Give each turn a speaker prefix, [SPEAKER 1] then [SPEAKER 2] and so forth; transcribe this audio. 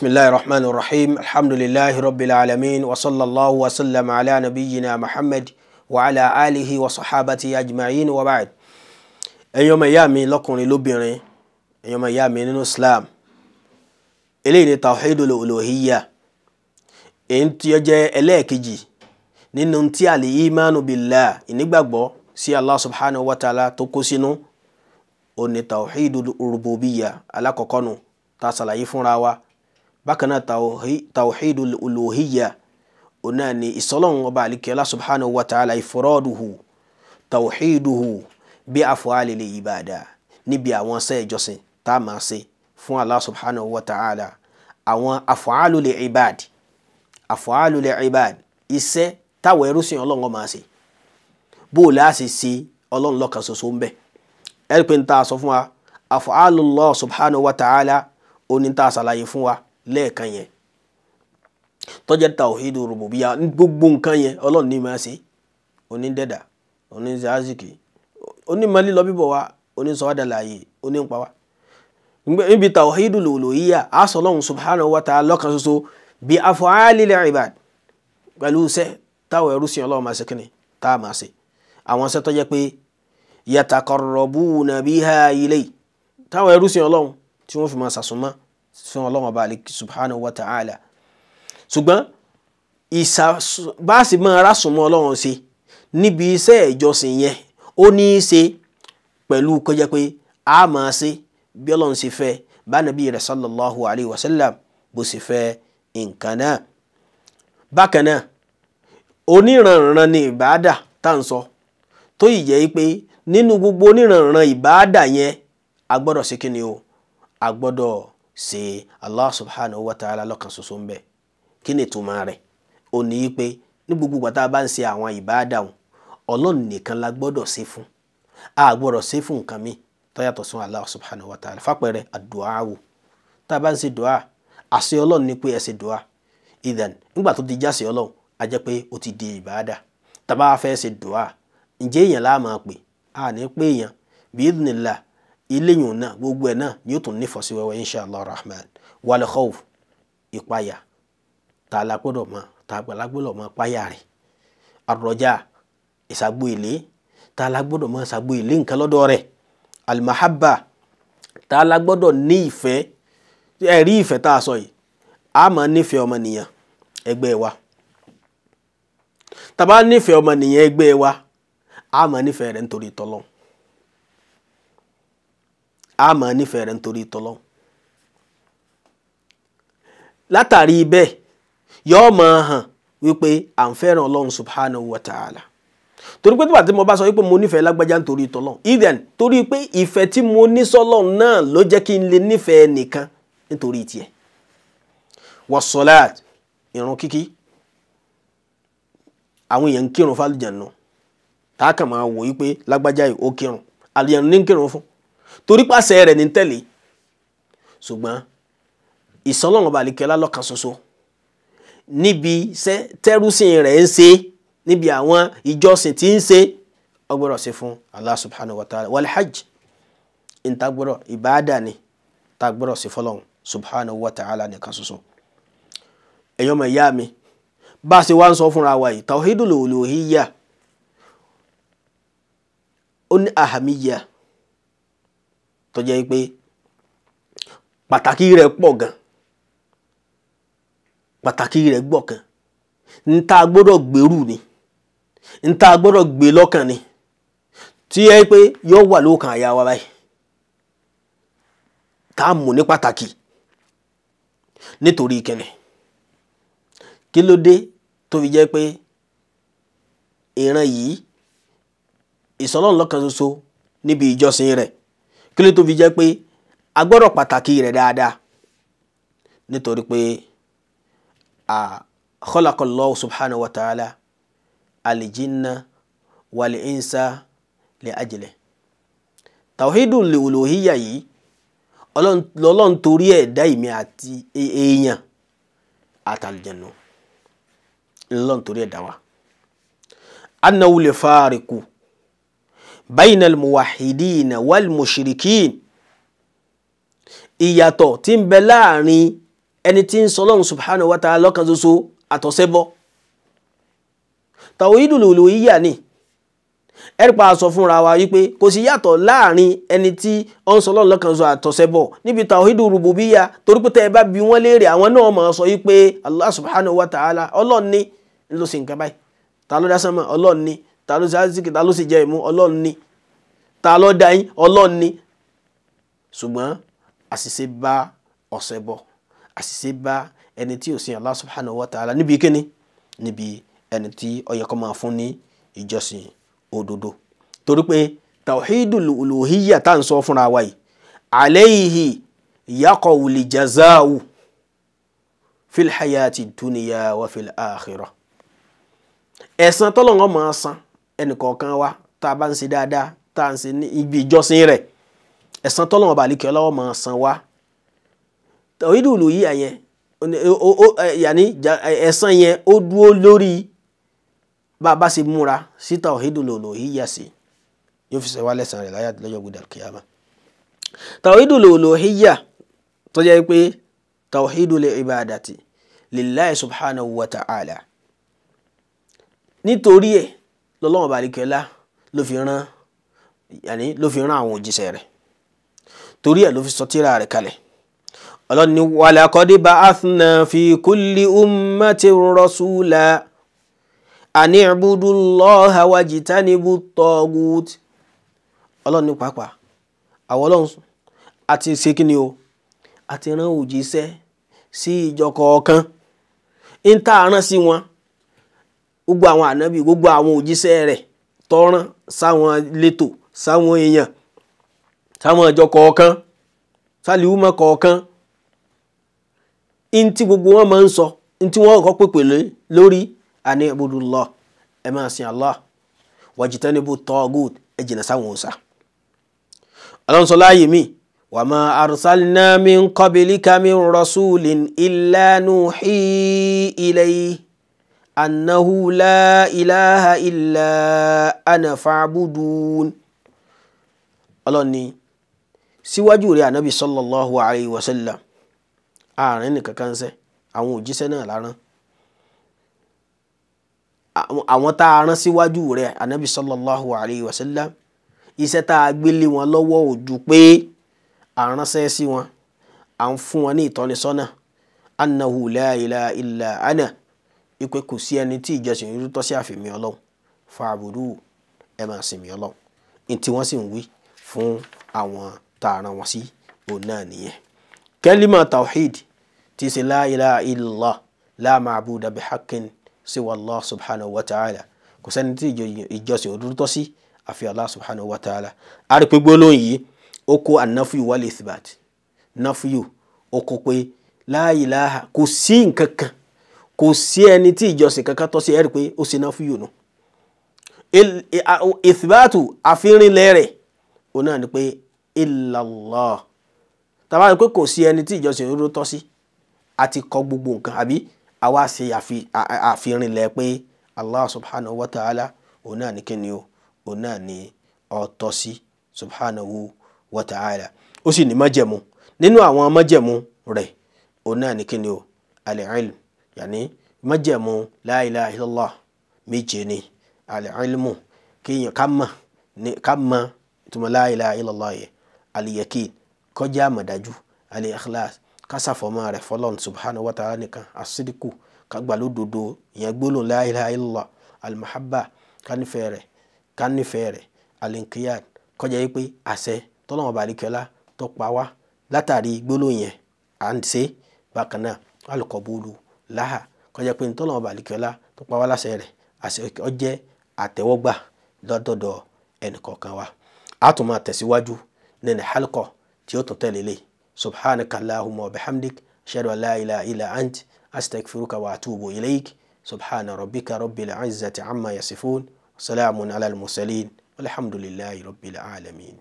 [SPEAKER 1] بسم الله الرحمن الرحيم الحمد لله رب العالمين وصلى الله وسلم على نبينا محمد وعلى آله وصحابته أجمعين وبعد ẹ̀yin ọmọ ìyá mi lọ́kùnrin lóbìnrin ẹ̀yin ọmọ ìyá mi nínú Islam eléyìí ni tawhidul uluhiyya èyí tí ó jẹ́ ẹlẹ́ẹ̀kejì nínú tí al-imanu billah ìnígbàgbọ́ sí Allah subhanahu wa ta'ala tó kó sínú òní tawhidul rububiyya alákọ̀ọ́kọ́ nu tá a ṣàlàyé fúnra wa bákan náà tawhidul uluhiyya ọ̀nà ni ìsọlọ́run ọba àlìkẹ́lá subhanahu wa ta'ala ifraduhu tawhiduhu bí af'alil ibada níbi àwọn sẹ́ ìjọsìn tá a máa ṣe fún Allah subhanahu wa ta'ala àwọn af'alul ibad af'alul ibad iṣẹ́ táwọn ẹrú sìn ọlọ́run máa ṣe bó o láà sì ṣe ṣoṣo ń bẹ̀ ẹ̀rí pé n ta sọ fún wa af'alullah subhanahu wa ta'ala ó ta ṣàlàyé fún wa lẹ́ẹ̀kan yẹn tọ́jẹ́ tawhidu rububiya gbogbo nǹkan yẹn ọlọ́run ní máa ṣe onídẹ́dà oníṣẹ́àṣìkì onímọ̀lì lọ́bíbọ̀ wa oníṣọ́wádàláyè onípa wa níbi tawhidu lòlòyíyà asọ̀lọ́hún subhanahu wa ta'ala lọ́kan ṣoṣo bí af'alil ibad pẹ̀lú iṣẹ́ táwọn ẹrú sìn ọlọ́run máa ṣe kíni tá a máa ṣe àwọn iṣẹ́ tọ́jẹ́ pé yataqarrabuna biha ilay táwọn ẹrú sìn ọlọ́run tí wọ́n fi máa ṣàsùnmọ́ sún ọlọ́run ọba àlekí subhanahu wa ta'ala ṣùgbọ́n ìsàbáàsì máa rásùnmọ́ ọlọ́run ṣe níbi iṣẹ́ ìjọsìn yẹn ó ní í ṣe pẹ̀lú kọjá pé a máa ṣe bí ọlọ́run ṣe fẹ́ bánàbí rẹ̀ sallallahu alayhi wa sallam bó ṣe fẹ́ nǹkan náà bákan náà oníranran ni ìbáàdà tá à ń sọ tó yìí jẹ́ pé nínú gbogbo oníranran ìbáàdà yẹn a ṣe kí ni o a gbọ́dọ̀ ṣe allah subhanahu wa ta'ala lọ́kan soso ń bẹ kí ni ìtumọ̀ rẹ̀ ó ní í pé ní gbogbo ìgbà a bá ń ṣe àwọn ọlọ́run nìkan la gbọ́dọ̀ fún a gbọ́dọ̀ ṣe fún nǹkan mi tó yàtọ̀ allah subhanahu wa ta'ala fàpẹẹrẹ àdúà tá a bá ń dùá àṣẹ ọlọ́run ni pé ẹ dùá ìdàn a jẹ́ pé ó ti di fẹ́ dùá eléyìí náà gbogbo ẹ̀ náà yóò tún nífọ̀ọ́ sí wẹ́wẹ́ inshallah rahman wal khawf ìpayà tá a lágbọ́dọ̀ mọ tá a gbàlagbọ́dọ̀ mọ páyà rẹ̀ arọjà ìsagbó ilé tá a lágbọ́dọ̀ mọ ìsagbó ilé nǹkan lọ́dọ̀ rẹ̀ alimahaba tá a lágbọ́dọ̀ ní ìfẹ́ ẹ̀rí ìfẹ́ tá a sọ yìí a máa nífẹ̀ẹ́ ọmọnìyàn ẹgbẹ́ wa tá bá nífẹ̀ẹ́ ọmọnìyàn ẹgbẹ́ wa a máa nífẹ̀ẹ́ rẹ̀ nítorí tọ́lọ́n a máa nífẹ̀ẹ́ rẹ̀ nítorí tọ́lọ́ látàrí bẹ́ẹ̀ yóò máa hàn wípé à ń fẹ́ràn ọlọ́run subhanahu wa ta'ala torí pé nígbà tí mo bá sọ wípé mo nífẹ̀ẹ́ lágbájá nítorí tọ́lọ́ even torí pé ìfẹ́ tí mo ní sọ́lọ́ náà ló jẹ́ kí n lè nífẹ̀ẹ́ nìkan nítorí tiẹ̀ wasọ́láàt ìrun kíkí àwọn èèyàn ń kírun fálùjànnú tá a kàn máa wò wípé lágbájá yìí ó kírun àlùjànnú ní kírun fún torí pàṣẹ rẹ̀ ní tẹ̀lé ṣùgbọ́n ìsọlọ́run balikẹ́lá lọ́kan ṣoṣo níbi tẹ́rùsìn rẹ̀ ń ṣe níbi àwọn ìjọsìn tí ń ṣe ọgbọ́dọ̀ ṣe fún Allah subhanahu wa ta'ala wal hajj ìtagbọ́dọ̀ ìbáàdà ni tagbọ́dọ̀ ṣe fọlọ́run subhanahu wa ta'ala nìkan ṣoṣo ẹ̀yọ́ mọ̀ ìyá mi bá a ṣe wá ń sọ fúnra wa yìí tawhidul uluhiyya ó ní ahamiyya tó jẹ́ pé pàtàkì rẹ̀ pọ̀ gan pàtàkì rẹ̀ gbọ̀ kan n ta gbọ́dọ̀ gbèrú ni n ta gbọ́dọ̀ gbé lọ́kàn ni tí yẹ pé yóò wà lókàn àyà wa báyìí tá a mú ní pàtàkì nítorí kẹnẹ kí ló dé tó fi jẹ́ pé ìran yìí ìsọlọ́ọ̀lọ́kan ṣoṣo níbi ìjọsìn rẹ̀ kí ló tó fi jẹ́ pé a gbọ́dọ̀ pàtàkì rẹ̀ dáadáa nítorí pé khalaqallahu subhanahu wa ta'ala alijinna wal insa li ajli tawhidul uluhiyya yìí ọlọ́run torí ẹ̀ dá ìmí àti èèyàn àtàlùjẹ̀nu ọlọ́run torí ẹ̀ dá wa. annahu le fariku bayna al-muwahhidina wal-mushrikin ìyàtọ̀ tí ń bẹ láàrin ẹni tí ń sọ Ọlọ́run subhanahu wa ta'ala lọ́kan ṣoṣo àtọ̀sẹ́bọ tawhidul uluhiyya ni ẹ̀rípa sọ fúnra wa wípé kò sí yàtọ̀ láàrin ẹni tí ó ń sọ Ọlọ́run lọ́kan ṣoṣo àtọ̀sẹ́bọ níbi tawhidul rububiyya torí pé tẹ́ ẹ bá bi wọ́n léèrè àwọn náà máa sọ wípé Allah subhanahu wa ta'ala Ọlọ́run ló sì ń kẹ́ báyìí ta ló dá sánmọ̀ Ọlọ́run ni ta ló ṣe àrísìkì ta ló sì jẹ ìmú ọlọ́run ni ta ló dá yín ọlọ́run ni ṣùgbọ́n àṣìṣe bá ọ̀sẹ̀ bọ̀ àṣìṣe bá ẹni tí ò sin Allah subhanahu wa ta'ala níbi kíni níbi ẹni tí ó yẹ máa fún ní ìjọsìn òdodo torí pé tawhidul uluhiyya tá à sọ fúnra wa yìí alayhi yaqawul jazaawu fil hayati dunya wa fil akhirah ẹ̀san máa san ẹnìkọ̀ọ̀kan wa tá a bá ń ṣe dáadáa tá a ń ṣe ní ibi ìjọsìn rẹ̀ ẹ̀san tọ́lọ́wọ́n balẹ̀kẹ́ ọlọ́wọ́ máa san wa tọ̀hídùlù yìí àyẹn yàní ẹ̀san yẹn ó dúró lórí bá a bá ṣe múra sí tọ̀hídùlù yìí yà sí yóò fi ṣe wá lẹ́san rẹ̀ láyà lọ́jọ́ gbọdọ̀ kíyàmá tawhidul uluhiyya tó jẹ́ pé tawhidul ibadati lillahi subhanahu wa ta'ala nítorí ẹ̀ lọ́lọ́wọ́n balikẹ́lá ló fi rán yàní ló fi rán àwọn òjíṣẹ́ rẹ̀ torí ẹ̀ ló fi sọ tírà rẹ̀ kalẹ̀ ọlọ́run ní walaqad ba'athna fi kulli ummatin rasula ani'budullaha wajtanibu at-taghut ọlọ́run ní pàápàá àwọn ọlọ́run àti ṣe o àti rán òjíṣẹ́ sí ìjọ kọ̀ọ̀kan ń tà rán sí wọn gbogbo àwọn ànábì gbogbo àwọn òjíṣẹ́ rẹ̀ tọ́rán sáwọn leto sáwọn èèyàn sáwọn ìjọ kọ̀ọ̀kan sáliwúmọ̀ kọ̀ọ̀kan ntí gbogbo wọn máa ń sọ ntí wọn kọ́ pèpè lórí àní abudullah ẹ máa sin allah wajitanibu tọ́gùd ẹ jìnnà sáwọn òòṣà. ọlọ́run láàyè mi wa ma mi min qablika min rasulin illa nuhi ilayhi. annahu la ilaha illa ana fa'budun ọlọ́ni síwájú rẹ̀ ànábì sallallahu alayhi wa sallam àárín nìkan kan sẹ́ àwọn òjíṣẹ́ náà láràn àwọn tá a rán síwájú rẹ̀ ànábì sallallahu alayhi wa sallam iṣẹ́ tá a gbélé wọn lọ́wọ́ ò pé à ń ránṣẹ́ sí wọn à ń fún wọn ní ìtọ́nisọ́nà annahu la ilaha illa ana ipe kò sí ẹni tí ìjọsìn yìí tọ́ sí àfìmí ọlọ́run fàbùrù ẹ máa sìn mí ọlọ́run ní tí wọ́n sì ń wí fún àwọn tá a rán wọn sí òun náà nìyẹn. kẹ́límà tawhid ti ṣe la ilaha illallah la ma'buda bihaqqin siwa Allah subhanahu wa ta'ala kò sẹ́ni tí ìjọsìn òdodo tọ́ sí àfi Allah subhanahu wa ta'ala. a gbólóhùn yìí ó kó ànáfíù wal ithbat náfíù ó kó pé la kò sí nǹkan kan kò sí ẹni tí ìjọsìn kankan tọ́ sí ẹ̀rí pé ó ṣe náà fúyò nù ìsìbáàtù àfihànlẹ̀ rẹ̀ òun náà ni pé illallah tàbá ni pé kò sí ẹni tí ìjọsìn òdodo tọ́ sí àti kọ gbogbo nǹkan àbí àwa ṣe àfihànlẹ̀ pé allah subhanahu wa ta'ala òun náà ni kíni o òun náà ni ọ̀tọ́ sí subhanahu wa ta'ala ó sì ní májẹ̀mú nínú àwọn májẹ̀mú rẹ̀ òun náà ni kíni o al-ilm yàní májẹ̀mú la ilaha illallah méje ni al-ilmu kéèyàn ká mọ̀ ká mọ̀ ìtumọ̀ la ilaha illallah yẹ al-yakin kọjá àmọ̀dájú al-ikhlas kásàfọ̀mọ́ rẹ̀ fọlọ́n subhanahu wa ta'ala nìkan asidiku kagbalódodo ìyẹn gbólóhùn la ilaha illallah al-mahabba kánífẹ̀ẹ́ rẹ̀ kánífẹ̀ẹ́ rẹ̀ al-inqiyad kọjá yìí pé àṣẹ tọ́lọ́mọ balikẹ́lá tó pa wá látàrí láhà kọjá pé nítorí ọlọ́run balẹ̀kẹ́lá tó pa wá láṣẹ rẹ̀ àṣẹ ọjẹ́ àtẹ́wọ́gbà lọ́dọ̀dọ̀ ẹnìkọ̀ọ̀kan wa a tún máa tẹ̀síwájú nínú halkọ tí ó tún tẹ̀lé lé subhanaka allahumma wa bihamdik ashhadu an la ilaha illa ant astaghfiruka wa atubu ilayk subhana rabbika rabbil izzati amma yasifun salamun ala al-mursalin walhamdulillahi rabbil alamin.